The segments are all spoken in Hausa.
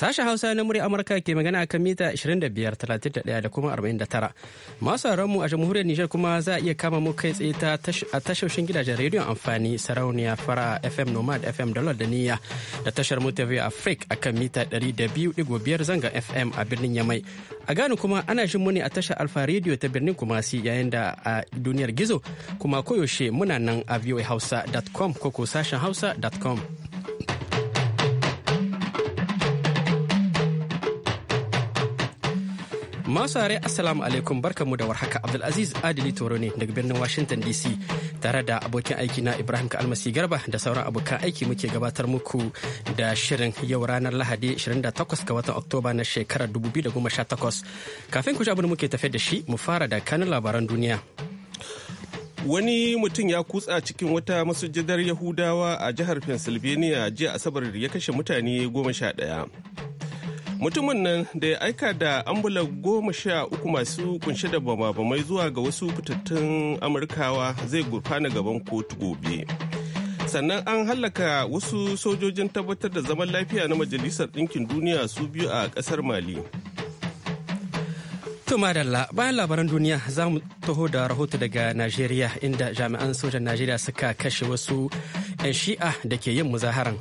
Sashen Hausa na murya Amurka ke magana a kan mita 25,31 da kuma 49. Masu mu a jamhuriyar Nijar kuma za a iya kama mu kai tsaye a tashoshin gidajen rediyon amfani sarauniya fara FM Nomad FM Dollar da Niyya da tashar Mutafi Afrik a kan mita 200.5 zanga FM a birnin Yamai. A Gano kuma ana shin muni a tashar Alfa Radio ta birnin Kumasi yayin da a duniyar gizo kuma koyaushe muna nan a voahausa.com ko ko sashen hausa.com. Masu Masare Assalamu alaikum barkamu da warhaka Abdulaziz Adili Toro ne daga birnin Washington DC tare da abokin aiki na Ibrahim Almasi Garba da sauran abokan aiki muke gabatar muku da shirin yau ranar Lahadi 28 ga watan Oktoba na shekarar 2018. Kafin ku abin muke tafe da shi mu fara da kanin labaran duniya. Wani mutum ya kutsa cikin wata masujadar Yahudawa a jihar Pennsylvania jiya Asabar ya kashe mutane goma sha ɗaya. mutumin nan da ya aika da ambula goma sha uku masu kunshe da bama-bamai zuwa ga wasu fitattun amurkawa zai gurfana gaban kotu gobe sannan an hallaka wasu sojojin tabbatar da zaman lafiya na majalisar ɗinkin duniya su biyu a ƙasar mali To madalla bayan labaran duniya za mu taho da rahoto daga Najeriya inda jami'an sojan Najeriya suka kashe wasu 'yan shi'a da ke yin muzaharan.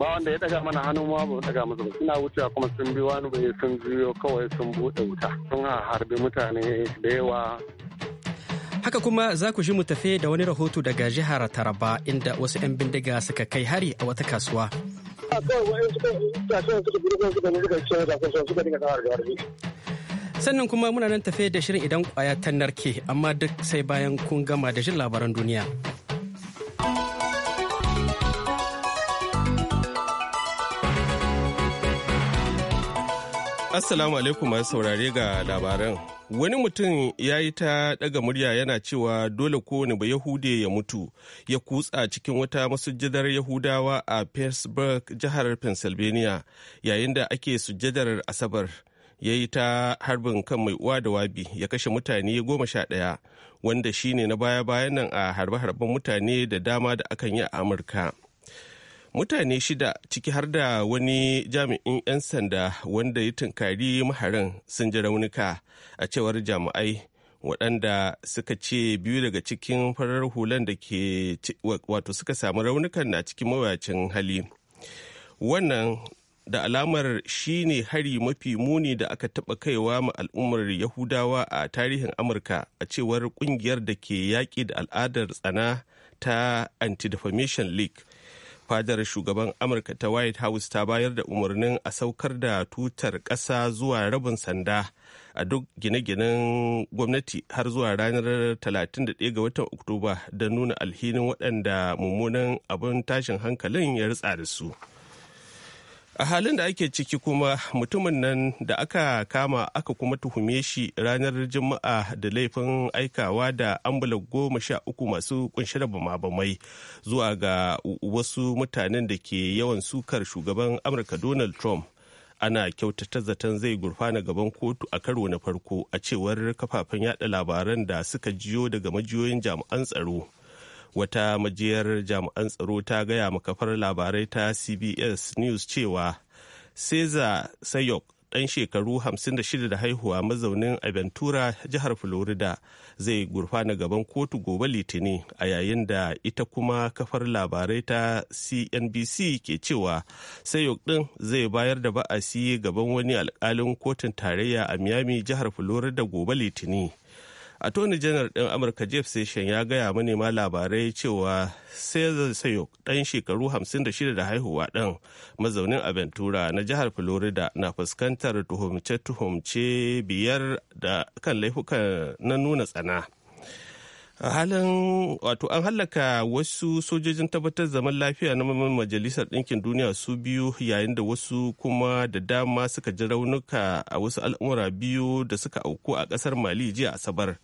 ba wanda ya daga mana hannu ma ba daga musu ba suna wucewa kuma sun bi wani bai sun juyo kawai sun bude wuta sun harbi mutane da yawa Haka kuma za ku ji mu tafe da wani rahoto daga jihar Taraba inda wasu 'yan bindiga suka kai hari a wata kasuwa. Sannan kuma muna nan tafe da shirin idan kwaya ta narke amma duk sai bayan kun gama da jin labaran duniya. Assalamu alaikum masu saurare ga labaran. Wani mutum ya yi ta daga murya yana cewa dole kowane ba Yahude ya mutu ya kutsa cikin wata masujadar Yahudawa a Pittsburgh jihar Pennsylvania yayin da ake sujadar Asabar. ya yi ta harbin kan mai uwa da wabi ya kashe mutane goma sha ɗaya wanda shine na baya-bayan nan a harbe-harben mutane da dama da akan yi a amurka mutane shida ciki har da wani jami'in 'yan sanda wanda ya tunkari maharin sun ji raunuka a cewar jami'ai waɗanda suka ce biyu daga cikin farar hulan da ke wato suka samu raunukan na cikin mawuyacin hali wannan da alamar shi ne hari mafi muni da aka taɓa kaiwa ma al'ummar yahudawa a tarihin amurka a cewar ƙungiyar da ke yaƙi da al'adar tsana ta anti-defamation league fadar shugaban amurka ta white house ta bayar da umarnin a saukar da tutar ƙasa zuwa rabin sanda a duk gine-ginen gwamnati har zuwa ranar 31 ga watan oktoba da nuna alhinin waɗanda mummunan abin tashin hankalin ya ritsa da su. a halin da ake ciki kuma mutumin nan da aka kama aka kuma tuhume shi ranar juma'a da laifin aikawa da ambula goma sha uku masu kunshe da bamabamai zuwa ga wasu mutanen da ke yawan sukar shugaban amurka donald trump ana kyautata zaton zai gurfana gaban kotu a karo na farko a cewar kafafen yada labaran da suka jiyo daga majiyoyin jami'an tsaro wata majiyar jami'an tsaro ta gaya makafar labarai ta cbs news cewa seza sayok ɗan shekaru 56 da haihuwa mazaunin aventura jihar florida zai gurfana gaban kotu gobe litini a yayin da ita kuma kafar labarai ta cnbc ke cewa sayok ɗin zai bayar da ba'asi gaban wani alkalin kotun tarayya a miami jihar florida gobe litini attorney janar ɗin amurka jeff session ya gaya manema labarai cewa zai sayo ɗan shekaru 56 da haihuwa ɗin mazaunin aventura na jihar florida na fuskantar tuhumce-tuhumce biyar da kan laifukan na nuna tsana halin wato an hallaka wasu sojojin tabbatar zaman lafiya na majalisar ɗinkin duniya su biyu yayin da wasu kuma da dama suka ji raunuka a wasu al'umura biyu da suka auku a ƙasar mali jiya asabar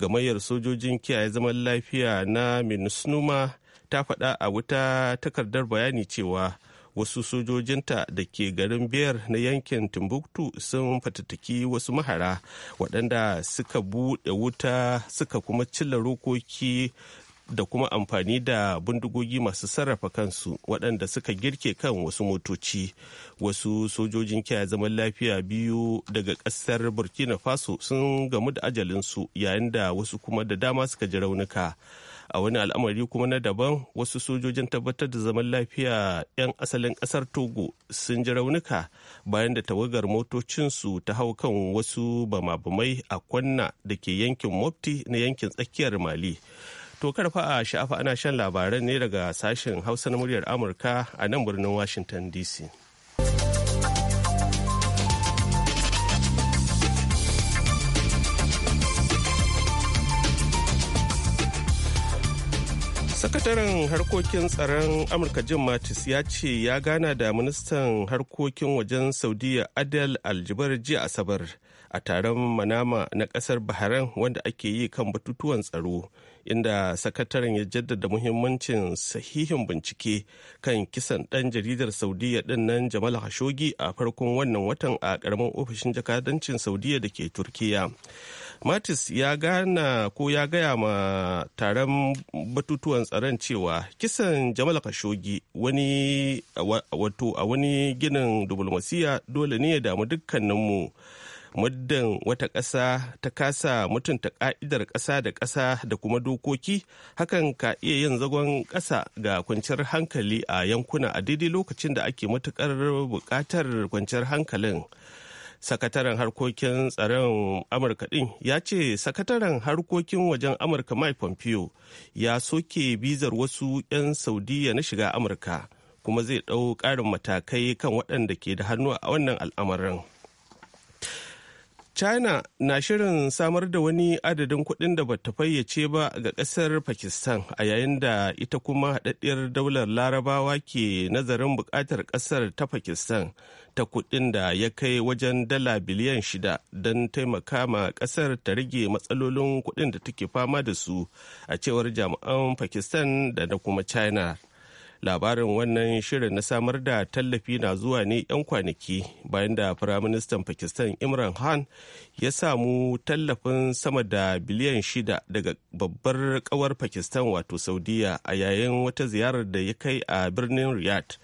gamayyar sojojin kiyaye zaman lafiya na minusnuma ta faɗa a wuta takardar bayani cewa wasu sojojinta da ke garin biyar na yankin timbuktu sun fatattaki wasu mahara waɗanda suka buɗe wuta suka kuma cilla rokoki da kuma amfani da bindigogi masu sarrafa kansu waɗanda suka girke kan wasu motoci wasu sojojin kiyaye zaman lafiya biyu daga ƙasar burkina faso sun gamu da ajalinsu yayin da wasu kuma da dama suka ji raunuka a wani al'amari kuma na daban wasu sojojin tabbatar da zaman lafiya 'yan asalin ƙasar togo sun ji raunuka bayan da tawagar motocinsu ta hau kan wasu bama-bamai a kwanna da ke yankin mofti na yankin tsakiyar mali To karfa a sha'afa ana shan labaran ne daga sashen Hausa na muryar Amurka a nan birnin Washington DC. sakataren harkokin tsaron amurka jim mattis ya ce ya gana da ministan harkokin wajen saudiya adel aljibar jiya asabar a taron manama na kasar bahrain wanda ake yi kan batutuwan tsaro inda sakataren ya jaddada muhimmancin sahihin bincike kan kisan ɗan jaridar saudiya ɗin nan jamal hashogi a farkon wannan watan a ƙaramin ofishin jakadancin saudiya da ke turkiya matis ya gana ko ya gaya ma taron batutuwan tsaron cewa kisan jamal khashoggi wani wato a wani ginin dubulmasiya dole ne ya damu dukkaninmu muddin wata ƙasa ta kasa mutunta ƙa'idar ƙasa da ƙasa da kuma dokoki hakan ka iya yin zagon ƙasa ga kwanciyar hankali a yankuna a daidai lokacin da ake matuƙar buƙatar kwanciyar hankalin sakataren harkokin tsaron amurka ɗin ya ce sakataren harkokin wajen amurka mike pompeo ya soke bizar wasu 'yan saudiya na shiga amurka kuma zai ɗau ƙarin matakai kan waɗanda ke da hannu a wannan al'amarin. china na shirin samar da wani adadin kuɗin da bata fayyace ba ga ƙasar pakistan a yayin da ita kuma haɗaɗɗiyar daular larabawa ke nazarin buƙatar ƙasar ta pakistan ta kuɗin da ya kai wajen dala biliyan shida don taimaka ma ƙasar ta rage matsalolin kuɗin da take fama da su a cewar jami'an pakistan da na kuma china labarin wannan shirin na samar da tallafi na zuwa ne 'yan kwanaki bayan da firaministan pakistan imran khan ya samu tallafin sama da biliyan shida daga babbar kawar pakistan wato saudiya a yayin wata ziyarar da ya kai a birnin riyadh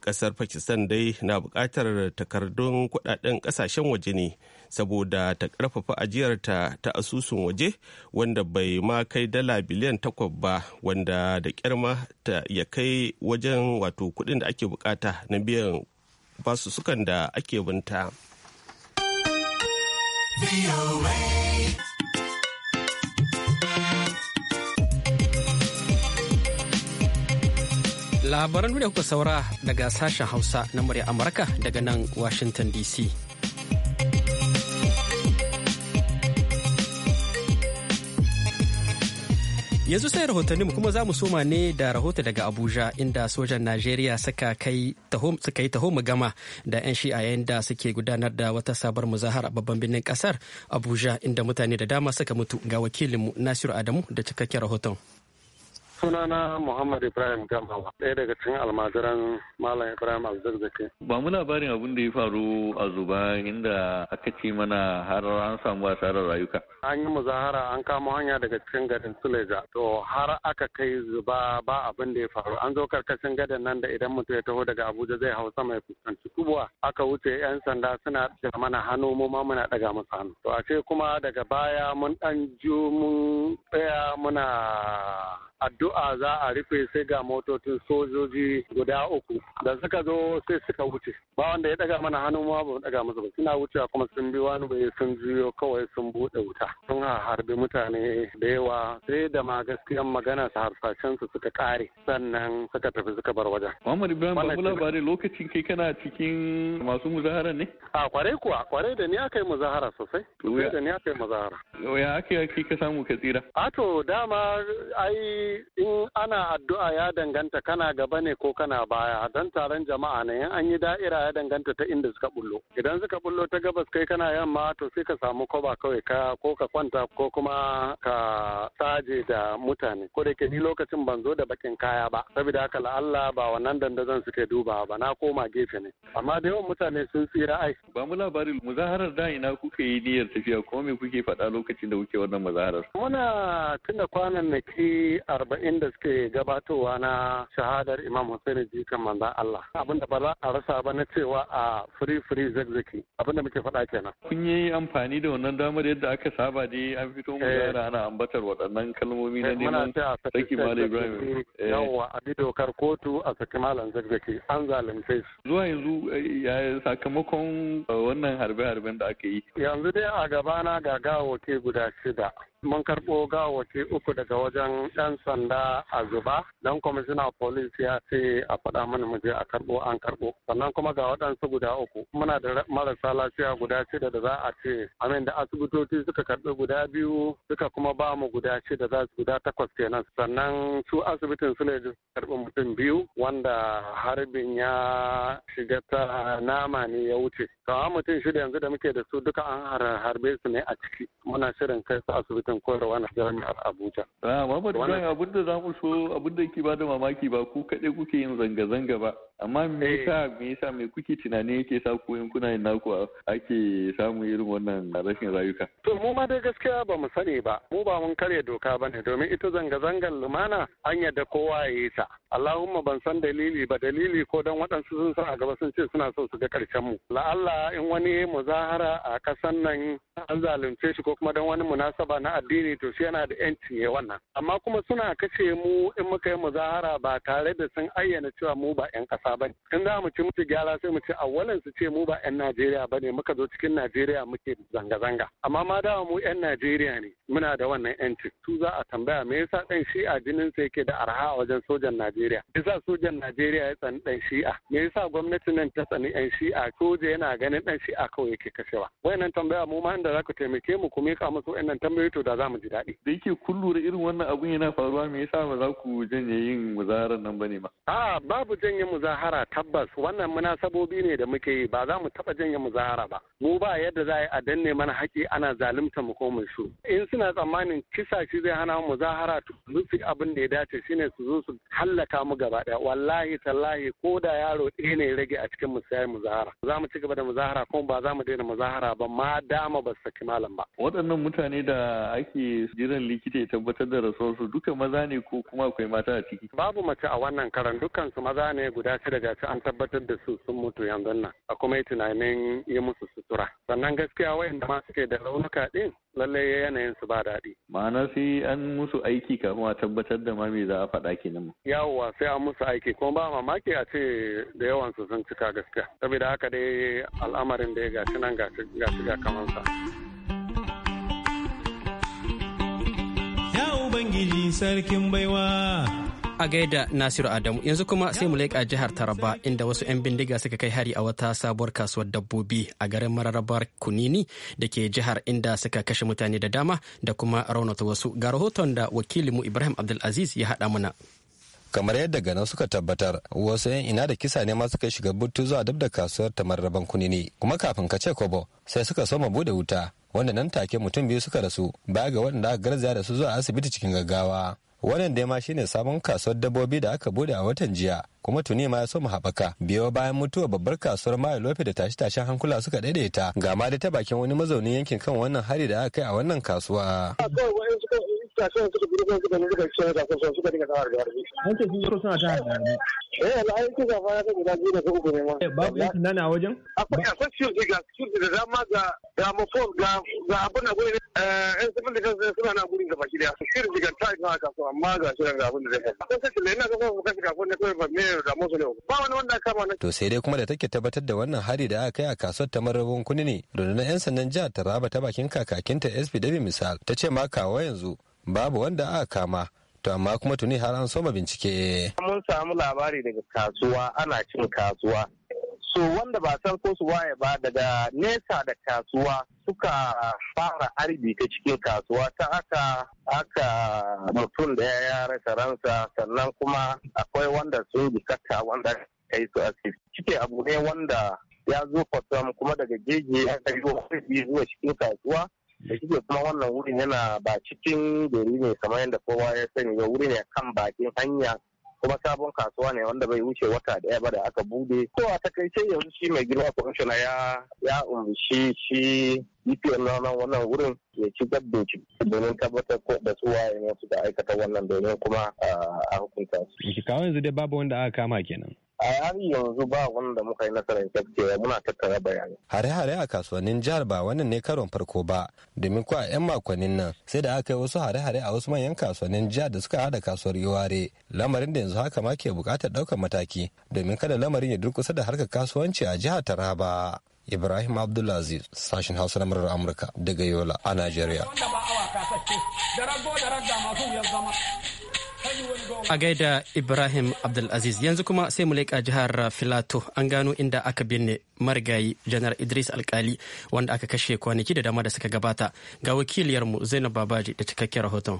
kasar pakistan dai na bukatar takardun kudaden kasashen waje ne saboda ta karfafa ajiyarta ta asusun waje wanda bai ma kai dala biliyan takwas ba wanda da kyarma ta ya kai wajen wato kudin da ake bukata na biyan sukan da ake binta. Labaran da kuka saura daga sashen Hausa na murya Amurka daga nan Washington DC. yanzu sai rahotanninmu kuma za mu soma ne da rahoto daga abuja inda sojan najeriya suka kai suka yi taho gama da 'yan shi'a yayin da suke gudanar da wata sabar muzahar a babban birnin kasar abuja inda mutane da dama suka mutu ga wakilinmu nasiru adamu da cikakken rahoton sunana muhammad ibrahim gamawa ɗaya daga cikin almajiran malam ibrahim alzazzaki ba mu labarin abin da ya faru a zuba inda aka ce mana har an samu asarar rayuka an yi muzahara an kama hanya daga cikin garin suleja to har aka kai zuba ba abin da ya faru an zo karkashin gadan nan da idan mutum ya taho daga abuja zai hau sama ya fuskanci kubuwa aka wuce yan sanda suna da mana hannu mu ma muna daga musu hannu to a ce kuma daga baya mun ɗan ju mun tsaya muna addu'a za a rufe sai ga motocin sojoji guda uku da suka zo sai suka wuce ba wanda ya daga mana hannu ma ba daga masa ba suna wucewa kuma sun bi wani bai sun juyo kawai sun bude wuta sun harbi mutane da yawa sai da ma gaskiyan magana su harsashen su suka kare sannan suka tafi suka bar wajen Muhammad Ibrahim ba labarai lokacin kai kana cikin masu muzahara ne a kwarai kuwa kwarai da ni aka yi muzahara sosai da ni aka yi muzahara ya ake yi ka samu ka tsira a to dama ai in ana addu'a ya danganta kana gaba ne ko kana baya dan taron jama'a ne in an yi da'ira ya danganta ta inda suka bullo idan suka bullo ta gabas kai kana yamma to sai ka samu kwaba kawai ka ko ka kwanta ko kuma ka saje da mutane ko da ke ni lokacin ban zo da bakin kaya ba saboda haka la'alla ba wannan dandazon suke duba ba na koma gefe ne amma da yawan mutane sun tsira ai ba mu labarin muzaharar da ina kuka yi niyyar tafiya ko me kuke faɗa lokacin da kuke wannan muzaharar muna tuna kwanan ke a arba'in da suke gabatowa na shahadar Imam Hussein jikan manza Allah. abinda ba za a rasa ba na cewa a free free zagzaki abinda muke faɗa kenan. Kun yi amfani da wannan damar yadda aka saba dai an fito mu gara eh. ana ambatar waɗannan kalmomi na eh, neman saki Malam Ibrahim. Eh. Yawwa a bi dokar kotu a saki Malam zagzaki an zalunce su. Zuwa yanzu ya sakamakon wannan harbe-harben da aka yi. Yanzu dai a gabana ga gawo ke guda shida. mun karɓo gawaki uku daga wajen ɗan sanda a zuba don kwamishina polis ya ce a faɗa mana mu je a karɓo an karɓo sannan kuma ga waɗansu guda uku muna da marasa lafiya guda shida da za a ce amin da asibitoci suka karɓi guda biyu suka kuma ba mu guda shida za su guda takwas kenan sannan su asibitin su ne karɓi mutum biyu wanda harbin ya shiga ta nama ne ya wuce kawai mutum shida yanzu da muke da su duka an harbe su ne a ciki muna shirin kai su asibiti kan koyarwa na jami'ar Abuja. Ah, Muhammad Ibrahim abinda za mu so abinda yake da mamaki ba ku kaɗai kuke yin zanga-zanga ba. amma me eh. yasa me yasa me kuke tunanin yake sa ku in kuna yin naku ake samu irin wannan rashin rayuka to mu ma dai gaskiya ba mu sani ba mu ba mun karya doka ne. domin ita zanga zangar lumana an da kowa ya yi ta Allahumma ban san dalili ba dalili ko dan waɗansu sun san a gaba sun ce suna so su ga ƙarshen mu la'alla in wani muzahara a kasan nan an zalunce shi ko kuma dan wani munasaba na addini to shi yana da yanci ya wannan amma kuma suna kashe mu in muka yi muzahara ba tare da sun ayyana cewa mu ba 'yan ƙasa ƙasa ba in za mu ci mutu gyara sai mu ci awalan su ce mu ba 'yan Najeriya ba ne muka zo cikin Najeriya muke zanga-zanga amma ma dawa mu 'yan Najeriya ne muna da wannan 'yanci su za a tambaya me yasa ɗan shi'a jinin sa yake da arha a wajen sojan Najeriya yasa sojan Najeriya ya tsani dan shi'a me yasa gwamnatin nan ta tsani 'yan shi'a soja yana ganin ɗan shi'a kawai yake kashewa wayannan tambaya mu ma inda za ku taimake mu ku miƙa musu wayannan tambayoyi to da za mu ji daɗi da yake kun lura irin wannan abun yana faruwa me yasa ba za ku janye yin muzaharar nan ba ne ba a babu janye muzahara muzahara tabbas wannan munasabobi ne da muke yi ba za mu taba janye muzahara ba mu ba yadda za a yi a danne mana haƙi ana zalunta mu ko mu shu in suna tsammanin kisa shi zai hana mu muzahara to su abin da ya dace shine su zo su hallaka mu gaba ɗaya wallahi tallahi ko da yaro ɗaya ne rage a cikin mu sai muzahara za mu ci gaba da muzahara kuma ba za mu daina muzahara ba ma dama ba su saki malam ba waɗannan mutane da ake jiran likita ya tabbatar da rasuwarsu duka maza ne ko kuma akwai mata a ciki babu mace a wannan karan dukkan su maza ne guda an daga shi an tabbatar da su sun mutu yanzu nan a kuma yi tunanin yi musu sutura sannan gaskiya wayanda ma suke da raunuka din lallai yanayin su ba daɗi. Ma'ana sai an musu aiki kafin a tabbatar da ma me za a faɗa kenan. Yawwa sai an musu aiki kuma ba mamaki a ce da yawan su sun cika gaskiya. Saboda haka dai al'amarin da ya gashi nan gashi ga sa Ya Ubangiji sarkin baiwa. a gaida Nasiru Adamu yanzu kuma sai mu leƙa jihar Taraba inda wasu 'yan bindiga suka kai hari a wata sabuwar kasuwar dabbobi a garin mararabar Kunini da ke jihar inda suka kashe mutane da dama da kuma raunata wasu ga rahoton da wakilinmu Ibrahim Abdulaziz ya haɗa mana. kamar yadda gano suka tabbatar wasu yan ina da kisa ne ma suka shiga butu zuwa dab da kasuwar tamarraban kunini kuma kafin ka ce kobo sai suka soma bude wuta wanda nan take mutum biyu suka rasu baya ga waɗanda aka garzaya da su zuwa asibiti cikin gaggawa wannan dai ma shine sabon kasuwar dabbobi da aka bude a watan jiya kuma tuni ma ya so mu haɓaka biyo bayan mutuwa babbar kasuwar mayo lofe da tashi tashen hankula suka daidaita ga ma da ta bakin wani mazaunin yankin kan wannan hari da aka kai a wannan kasuwa suka suka sai dai kuma da take tabbatar da wannan hari da aka kai a kasuwar ta marabin kuni ne rundunar yan sandan jihar Taraba ta bakin kakakinta SP Dabi misal ta ce ma kawo yanzu babu wanda aka kama to amma kuma tuni har an soma bincike. Mun samu labari daga kasuwa ana cin kasuwa. So wanda ba san ko su waye ba daga nesa da kasuwa suka fara arbi ta cikin kasuwa ta aka aka mutum da ya rasa ransa sannan kuma akwai wanda sun jikata wanda kai su asibiti. Cike abu ne wanda ya zo kwatsam kuma daga jeji ya kai zuwa cikin kasuwa da shi kuma wannan wurin yana ba cikin gari ne kamar yadda kowa ya sani ba wuri ne kan bakin hanya kuma sabon kasuwa ne wanda bai wuce wata daya ba da aka bude ko a takaice yanzu shi mai girma kwamishina ya ya umshi shi DPM na wannan wurin ya ci gabbe domin tabbatar ko da ne suka aikata wannan domin kuma ah, a hukunta su. yanzu dai babu wanda aka kama kenan. a har yanzu ba wanda muka yi nasarar kyaftewa muna tattara bayanai. Hare-hare a kasuwannin jihar ba wannan ne karon farko ba domin ko a 'yan makonnin nan sai da aka yi wasu hare-hare a wasu manyan kasuwannin jihar da suka hada kasuwar Yoware lamarin da yanzu haka ma ke bukatar ɗaukar mataki domin kada lamarin ya durkusa da harkar kasuwanci a jihar Taraba. Ibrahim Abdulaziz sashen Hausa na murar Amurka daga Yola a Najeriya. A gaida Ibrahim Abdulaziz yanzu kuma sai mu leƙa jihar Filato an gano inda aka binne marigayi janar Idris Alkali wanda aka kashe kwanaki da dama da suka gabata ga wakiliyarmu Zainab Babaji da cikakkiyar rahoton.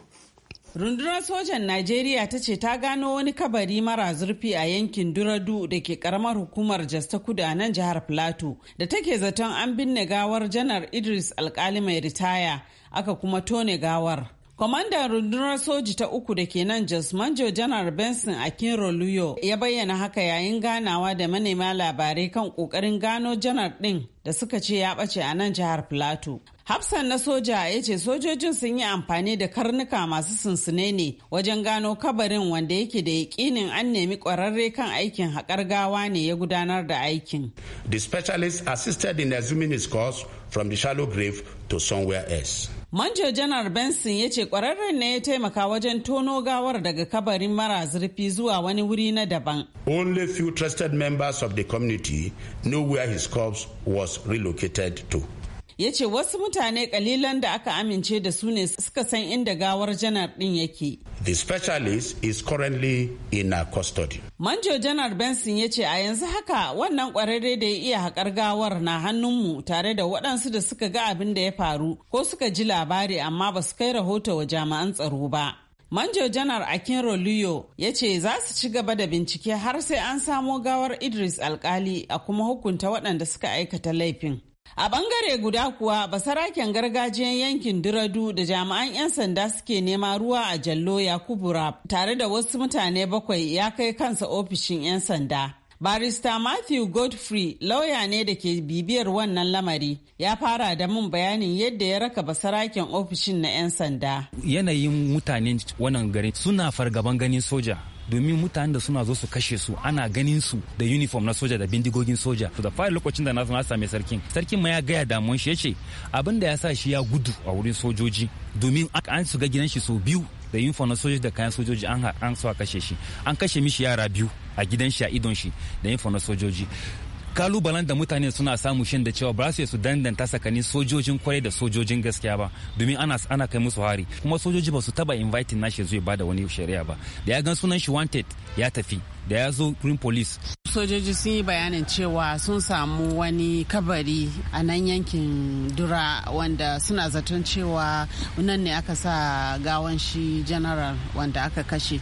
Rundunar sojan Najeriya ta ce ta gano wani kabari mara zurfi a yankin Duradu da ke karamar hukumar Jos kudu a nan jihar filato da take zaton an binne gawar janar Idris alkali mai ritaya aka kuma tone gawar. Kwamandan rundunar soji ta uku da ke nan Jos Manjo Janar Benson Akinroluyo ya bayyana haka yayin ganawa da manema labarai kan kokarin gano janar ɗin da suka ce ya ɓace a nan jihar Plateau. Hafsan na soja ya ce sojojin sun yi amfani da karnuka masu sunsune ne wajen gano kabarin wanda yake da yakinin an nemi kwararre kan aikin haƙar gawa ne ya gudanar da aikin. The specialist assisted in assuming his cause from the shallow grave to somewhere else. Manjo Janar Benson ya ce kwararren ne ya taimaka wajen tono gawar daga kabarin mara zurfi zuwa wani wuri na daban. Only few trusted members of the community knew where his corpse was relocated to. ya ce wasu mutane kalilan da aka amince da su ne suka san inda gawar janar din yake. The specialist is currently in a custody. Manjo Janar Benson ya ce a yanzu haka wannan kwararre da ya iya haƙar gawar na hannunmu tare da waɗansu da suka ga abin da ya faru ko suka ji labari amma ba su kai rahoto wa jami'an tsaro ba. Manjo Janar Akin Roluyo ya ce za su ci gaba da bincike har sai an samo gawar Idris Alkali a kuma hukunta waɗanda suka aikata laifin. A bangare guda kuwa basaraken gargajiyan yankin Duradu da jami'an 'yan sanda suke nema ruwa a Jallo Yakubu Rab tare da wasu mutane bakwai ya kai kansa ofishin 'yan sanda. Barista Matthew Godfrey lauya ne da ke bibiyar wannan lamari ya fara da mun bayanin yadda ya raka basaraken ofishin na 'yan sanda. Yanayin mutanen wannan garin suna fargaban ganin soja. domin mutanen da suna zo su kashe su ana ganin su da uniform na soja da bindigogin soja to da fara lokacin da na zo na same sarkin sarkin ma ya gaya damuwan shi yace abin da ya sa shi ya gudu a wurin sojoji domin an su ga gidan shi sau biyu da uniform na sojoji da kayan sojoji an an so kashe shi an kashe mishi yara biyu a gidan shi a idon shi da uniform na sojoji kalubalen da mutane suna samu shin da cewa ba su su ta tsakanin sojojin kwarai da sojojin gaskiya ba domin ana ana kai musu hari kuma sojoji ba su taba invite nashi zai bada wani shari'a ba da ya gan sunan shi wanted ya tafi da ya zo green police sojoji sun yi bayanin cewa sun samu wani kabari a nan yankin dura wanda suna zaton cewa nan ne aka sa gawan shi general wanda aka kashe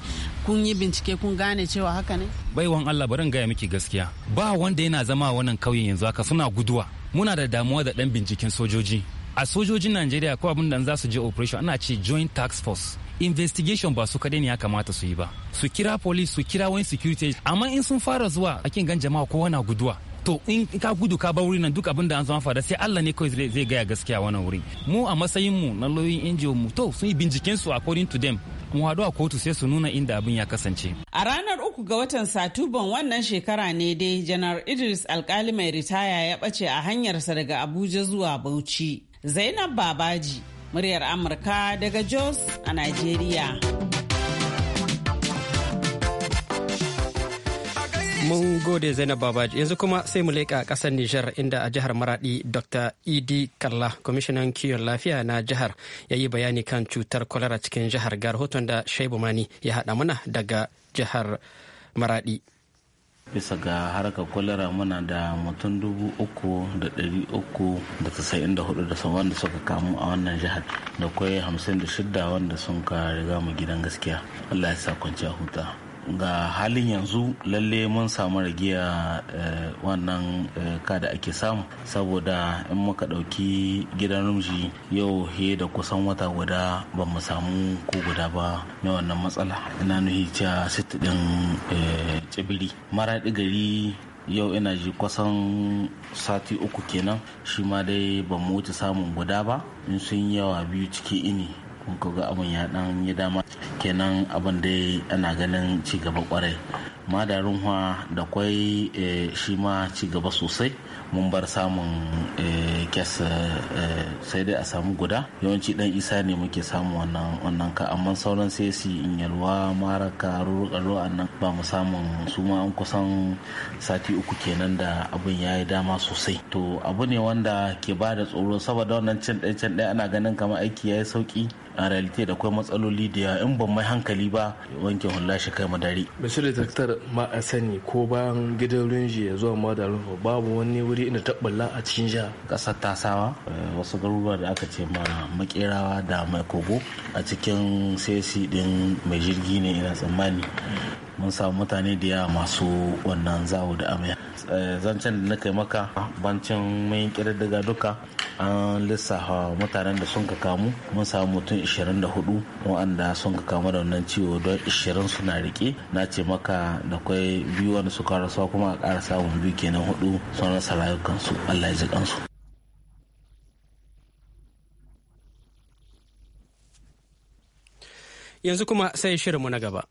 kun yi bincike kun gane cewa haka ne baiwan Allah bari gaya miki gaskiya ba wanda yana zama a wannan kauyen yanzu haka suna guduwa muna da damuwa da dan binciken sojoji a sojojin Najeriya ko abin da za su je operation ana ce joint task force investigation ba su kadai ne ya kamata su yi ba su kira police su kira wani security amma in sun fara zuwa akin gan jama'a kowa na guduwa to in ka gudu ka bar wuri nan duk abin da an zama fada sai Allah ne kawai zai gaya gaskiya wannan wuri mu a matsayin mu na lauyoyin NGO mu to sun yi binciken su according to them mu haɗu a kotu sai su nuna inda abin ya kasance. A ranar uku ga watan Satuban wannan shekara ne dai Janar Idris alkali mai ritaya ya ɓace a hanyarsa daga Abuja zuwa Bauchi. Zainab Babaji, muryar Amurka daga Jos a Najeriya. Mun gode Zainab Babaji yanzu kuma sai mu leƙa ƙasar Nijar inda a jihar Maradi Dr. Idi Kalla kwamishinan kiwon lafiya na jihar ya yi bayani kan cutar kwalara cikin jihar ga rahoton da Shaibu Mani ya hada mana daga jihar Maradi. bisa ga harkar kwalara muna da mutum dubu uku da ɗari uku da tasa'in da hudu da sun wanda suka kamu a wannan jihar da kwai hamsin da shidda wanda sun ka riga mu gidan gaskiya allah ya sa kwanciya huta ga halin yanzu lalle mun samu ragiya eh, wannan eh, ka da ake samu saboda in muka ɗauki gidan rumshi yau he da kusan wata guda ba mu samu ko guda ba na wannan matsala ina nuhi cewa sit ɗin tsibiri eh, Mara gari yau ina ji kusan sati uku kenan shi ma dai ba mu wuce samun guda ba in sun yawa biyu ciki ini kun ka ga abin ya dan yi dama kenan abin da ana ganin cigaba kwarai madarin hwa da kwai eh, shi ma ci sosai mun bar samun eh, kes eh, sai dai a samu guda yawanci dan isa ne muke samu wannan wannan ka amma sauran sai su in yalwa maraka rurruka nan ba mu samun su ma an kusan sati uku kenan da abin ya yi dama sosai to abu ne wanda ke ba da tsoro saboda wannan can ɗaya can ɗaya ana ganin kama aiki ya yi sauki a realite da akwai matsaloli da ya in ban mai hankali ba wanke hula shi kai madari Mr. da ma a sani ko bayan gidan rinji ya zuwa ma da rufa babu wani wuri inda tabbala a cikin jiha kasar tasawa eh, wasu garuruwa da aka ce ma makerawa da mai kogo a cikin sesi din mai jirgi ne ina tsammani mun samu mutane da yawa masu wannan zawo da amai eh, zancen da na kai maka bancin mun kirdiga duka an lissafa mutanen da sun ka kamu mun samu mutum 24 wanda sun ka kamu da wannan ciwo don 20 suna rike na ce maka da kwai biyu wanda suka rasuwa kuma a ƙara samun biyu kenan hudu sun rasa rayukansu allah ya kansu yanzu kuma sai shirinmu na gaba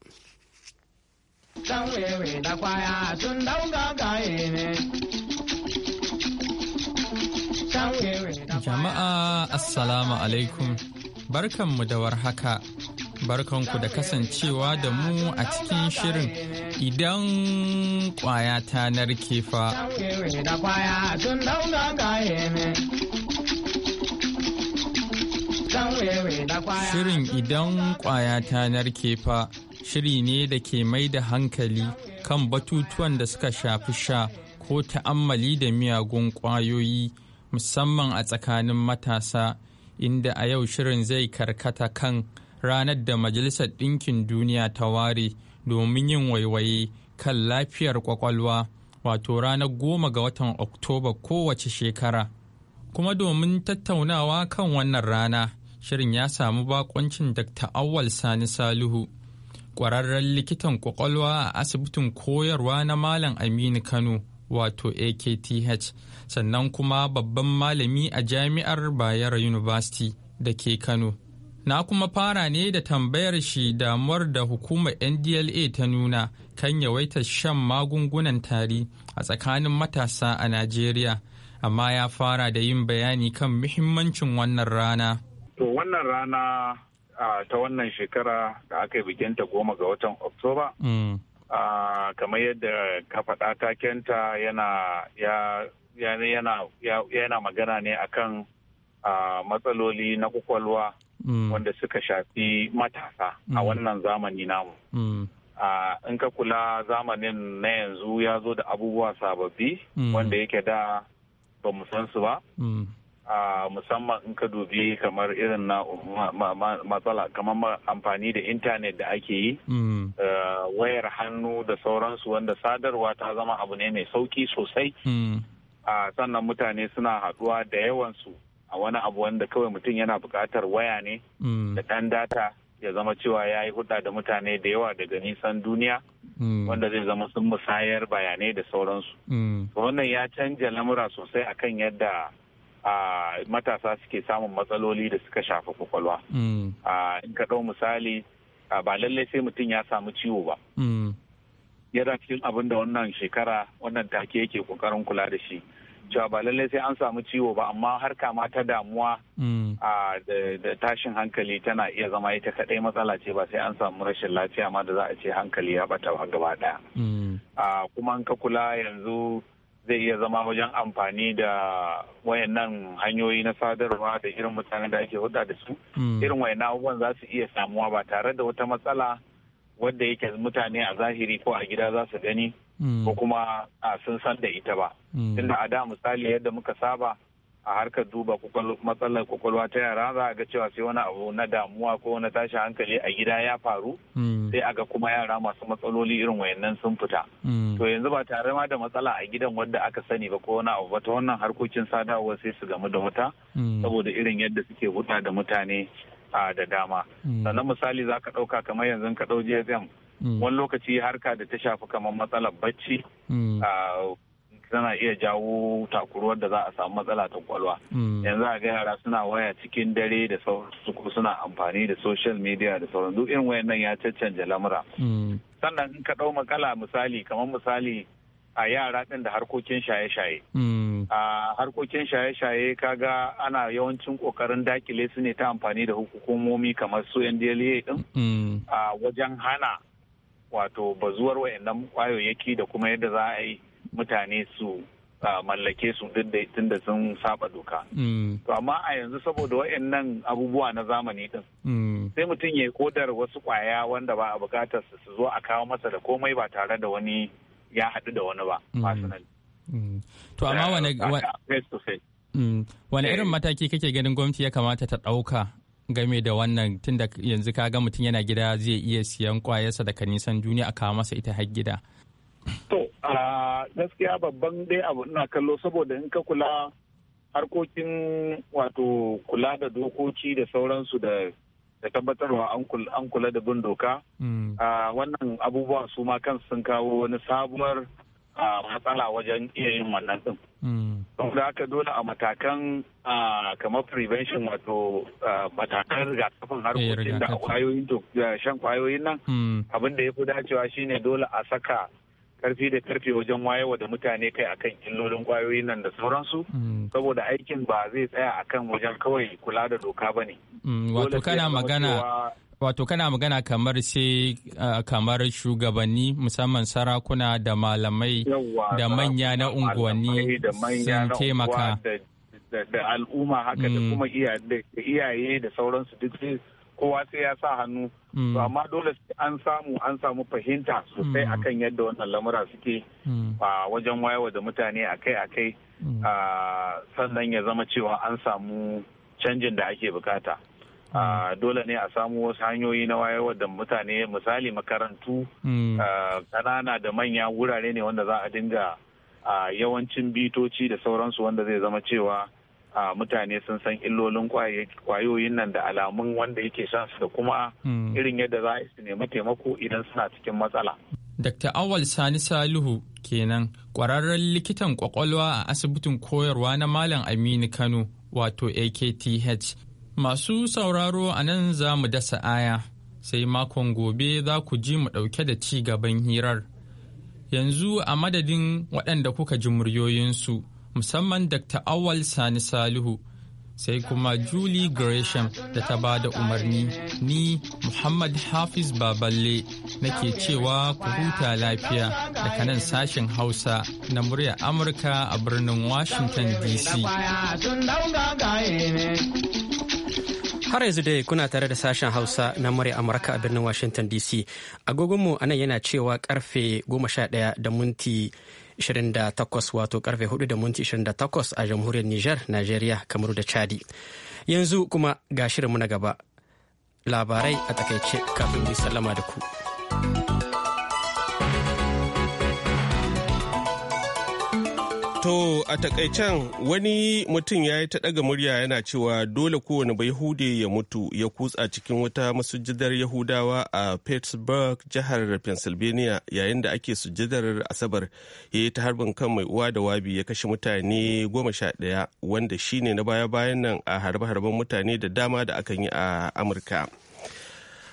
dan wewe da kwaya sun ne. Jama'a Assalamu alaikum, barkanmu da warhaka. Barkanku da kasancewa da mu a cikin shirin idan kwaya ta narke fa. Shirin idan kwaya ta narke fa. shiri ne da ke mai da hankali kan batutuwan da suka shafi sha ko ta'ammali da miyagun ƙwayoyi musamman a tsakanin matasa inda a yau shirin zai karkata kan ranar da majalisar ɗinkin duniya ta ware domin yin waiwaye kan lafiyar kwakwalwa wato ranar goma ga watan oktoba kowace shekara kuma domin tattaunawa kan wannan rana shirin ya samu bakoncin dr awal sani saluhu kwararren likitan kwakwalwa a asibitin koyarwa na Malam Aminu Kano wato AKTH sannan kuma babban malami a jami'ar Bayero University da ke Kano. Na kuma fara ne da tambayar shi damuwar da hukumar NDLA ta nuna kan yawaita shan magungunan tari a tsakanin matasa a Najeriya, amma ya fara da yin bayani kan muhimmancin wannan rana. To wannan rana ta wannan shekara da aka yi ta goma ga watan oktoba mm. kamar yadda ka faɗa takenta yana magana ne akan matsaloli na kwakwalwa mm. wanda suka shafi matasa a mm. wannan zamani namu in ka kula zamanin na yanzu ya zo da abubuwa sababbi wanda yake da ba mu san su ba A musamman in ka dubi kamar irin na matsala kamar amfani da intanet da ake yi mm. eh, wayar hannu da sauransu wanda sadarwa ta zama abu ne mai sauki sosai mm. sannan mutane suna haɗuwa da yawansu a wani abu wanda kawai mutum yana buƙatar waya ne mm. da ɗan data ya zama cewa ya yi hudda da mutane da yawa daga nisan duniya wanda zai zama sun musayar bayanai da sauransu wannan ya canja lamura sosai akan yadda matasa suke samun matsaloli da suka shafa kwakwalwa. Mm. In ka ɗau misali ba lallai sai mutum ya samu ciwo ba. Mm. Yana cikin abin da wannan shekara wannan take yake kokarin kula da shi. Cewa ba lallai sai an samu ciwo ba amma har kama ta damuwa mm. da tashin hankali tana iya zama ita kaɗai matsala ce ba sai an samu rashin lafiya ma da za a ce hankali ya ɓata gaba ɗaya. Kuma in ka kula yanzu. zai iya zama wajen amfani da wayannan hanyoyi na sadarwa da irin mutanen da ake hudu da su mm. irin wayannan abubuwan za su iya samuwa ba tare da wata matsala wadda yake mutane a zahiri ko a gida za su gani mm. ko kuma sun san da ita ba mm. tunda a da misali yadda muka saba a harkar duba matsalar kwakwalwa ta yara za a ga cewa sai wani abu na damuwa ko na tashin hankali a gida ya faru hmm. sai a ga kuma yara masu matsaloli irin wayannan sun fita hmm. to yanzu ba tare ma da matsala a gidan wanda aka sani ba ko wani abu ba ta wannan harkokin sadarwa sai su gamu da wuta. Hmm. saboda irin yadda suke huta da mutane a da dama sannan misali za ka ɗauka kamar yanzu ka ɗau J.F.M. wani lokaci harka da ta shafi kamar matsalar bacci tana iya jawo takuruwar da za a samu matsala ta kwalwa hmm. yanzu a ga yara suna waya cikin dare da sauransu ko suna amfani da social media da sauran duk irin wayannan ya caccanja lamura hmm. sannan in ka ɗau makala misali kamar misali a yara ɗin da harkokin shaye-shaye hmm. a harkokin shaye-shaye kaga ana yawancin kokarin dakile su ne ta amfani da hukumomi kamar su ndla din a wajen hana wato bazuwar wayannan kwayoyaki da kuma yadda za a yi mutane su mallake su tun da sun saba doka. Mm. To amma a yanzu saboda waɗannan abubuwa na zamani din mm. sai mutum ya kodar wasu kwaya wanda ba a bukatar su zo a kawo masa da komai ba tare da wani ya haɗu da wani ba mm. To amma eh, wani irin eh. mataki kake ganin gwamnati ya kamata ta ɗauka game da wannan tunda yanzu ka ga mutum yana gida zai iya siyan kwayarsa daga nisan duniya a kawo masa ita har gida. To, a gaskiya babban dai abu ina kallo saboda in ka kula harkokin wato kula da dokoki da sauransu da da tabbatarwa an kula da bin doka hmm. wannan abubuwa su ma kan sun kawo wani sabuwar matsala wajen iya yin wannan din. Saboda hmm. haka dole a matakan kamar prevention wato matakan rigakafin eh, harkokin da kwayoyin shan kwayoyin nan hmm. abin da ya fi dacewa shine dole a saka karfi da karfe wajen wayewa da mutane kai akan illolin kwayoyin nan da sauransu mm. saboda aikin ba zai tsaya akan wajen kawai kula da doka ba ne. Mm, wato kana magana wato kana magana kamar sai uh, kamar shugabanni musamman sarakuna da malamai da manya na unguwanni sun taimaka da al'umma haka da mm. kuma iyaye da sauransu duk sai kowa sai ya sa hannu to mm. amma dole an samu an samu fahimta sosai mm. akan yadda wannan lamura suke mm. a wajen wayewa da mutane akai-akai sannan ya zama cewa an samu canjin da ake bukata dole ne a samu wasu hanyoyi na wayewa da mutane misali makarantu ƙanana da manya wurare ne wanda za a dinga yawancin bitoci da sauransu wanda zai zama cewa mutane sun san illolin kwayoyin nan da alamun wanda yake shan su da kuma hmm. irin yadda za su nemi taimako idan suna cikin matsala. Dr. Awal Sani Salihu kenan ƙwararren likitan kwakwalwa a asibitin koyarwa na Malam Aminu Kano wato AKTH. Masu sauraro a nan za mu dasa aya sai makon gobe za ku ji mu ɗauke da ci gaban hirar. Yanzu a madadin waɗanda kuka ji muryoyinsu. musamman Dr. Awal Sani Salihu. sai kuma Julie Gresham da ta ba da umarni ni Muhammad Hafiz Baballe nake cewa ku huta lafiya daga nan sashen Hausa na murya Amurka a birnin Washington DC. Har yanzu dai kuna tare da sashen Hausa na murya Amurka a birnin Washington DC. Agogonmu anan yana cewa karfe 11 da minti 28 wato karfe 4 da minti 28 a jamhuriyar Nijar, Najeriya, Kamaru da Chadi. Yanzu kuma ga shirinmu na gaba. Labarai a takaice kafin mu sallama da ku. To a takaicen wani mutum ya yi ta ɗaga murya yana cewa dole kowane bai hude ya mutu ya kutsa cikin wata masujidar Yahudawa a Pittsburgh jihar Pennsylvania yayin da ake sujidar Asabar ya yi ta harbin kan mai uwa da wabi ya kashe mutane goma sha ɗaya wanda shine na baya-bayan nan a harbe-harben mutane da dama da aka yi a Amurka.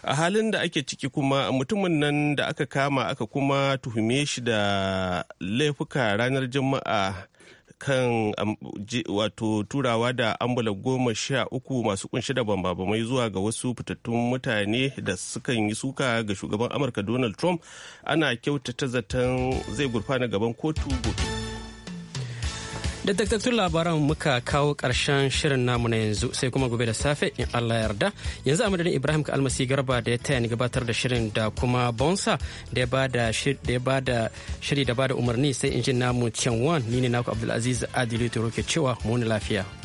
a halin da ake ciki kuma mutumin nan da aka kama aka kuma tuhume shi da laifuka ranar juma'a kan wato turawa da ambula goma sha uku masu kunshi da bambamai zuwa ga wasu fitattun mutane da sukan yi suka ga shugaban amurka donald trump ana kyautata zaton zai gurfana gaban kotu gobe da daktaktun labaran muka kawo karshen shirin namu na yanzu sai kuma gobe da safe in allah yarda yanzu a madadin ibrahim ka almasi garba da ya taya ni gabatar da shirin da kuma bonsa da ya bada shiri da bada umarni sai in ji namu cian wan ni ne naku abdulaziz adilu ke cewa muni lafiya